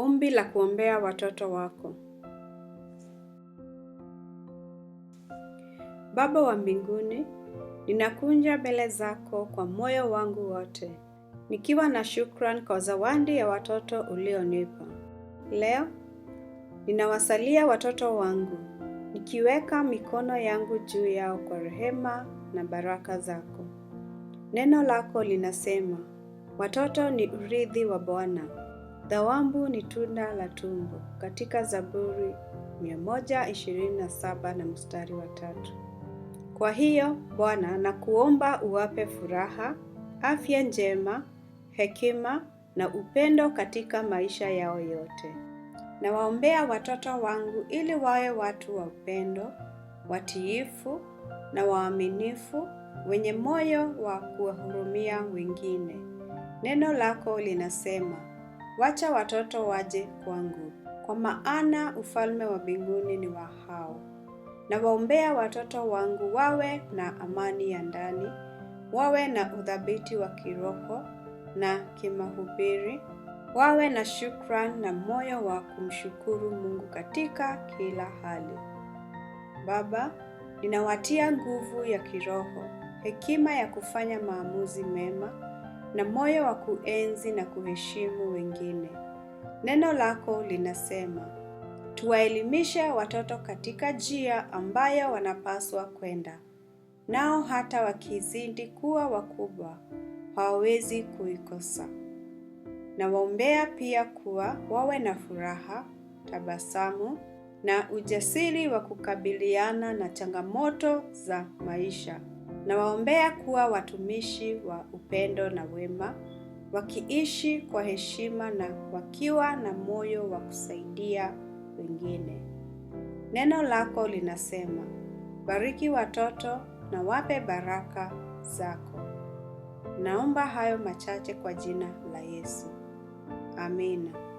Ombi la kuombea watoto wako. Baba wa mbinguni, ninakunja mbele zako kwa moyo wangu wote, nikiwa na shukran kwa zawadi ya watoto ulionipa. Leo ninawasalia watoto wangu, nikiweka mikono yangu juu yao kwa rehema na baraka zako. Neno lako linasema, watoto ni urithi wa Bwana. Dhawambu ni tunda la tumbo katika Zaburi 127 na mstari wa tatu. Kwa hiyo Bwana, nakuomba uwape furaha, afya njema, hekima na upendo katika maisha yao yote. Nawaombea watoto wangu ili wawe watu wa upendo, watiifu na waaminifu, wenye moyo wa kuwahurumia wengine. Neno lako linasema Wacha watoto waje kwangu, kwa maana ufalme wa mbinguni ni wa hao. Nawaombea watoto wangu wawe na amani ya ndani, wawe na uthabiti wa kiroho na kimahubiri, wawe na shukrani na moyo wa kumshukuru Mungu katika kila hali. Baba, ninawatia nguvu ya kiroho, hekima ya kufanya maamuzi mema na moyo wa kuenzi na kuheshimu wengine. Neno lako linasema tuwaelimishe watoto katika njia ambayo wanapaswa kwenda, nao hata wakizidi kuwa wakubwa hawawezi kuikosa. Nawaombea pia kuwa wawe na furaha, tabasamu na ujasiri wa kukabiliana na changamoto za maisha. Nawaombea kuwa watumishi wa upendo na wema, wakiishi kwa heshima na wakiwa na moyo wa kusaidia wengine. Neno lako linasema, bariki watoto na wape baraka zako. Naomba hayo machache kwa jina la Yesu. Amina.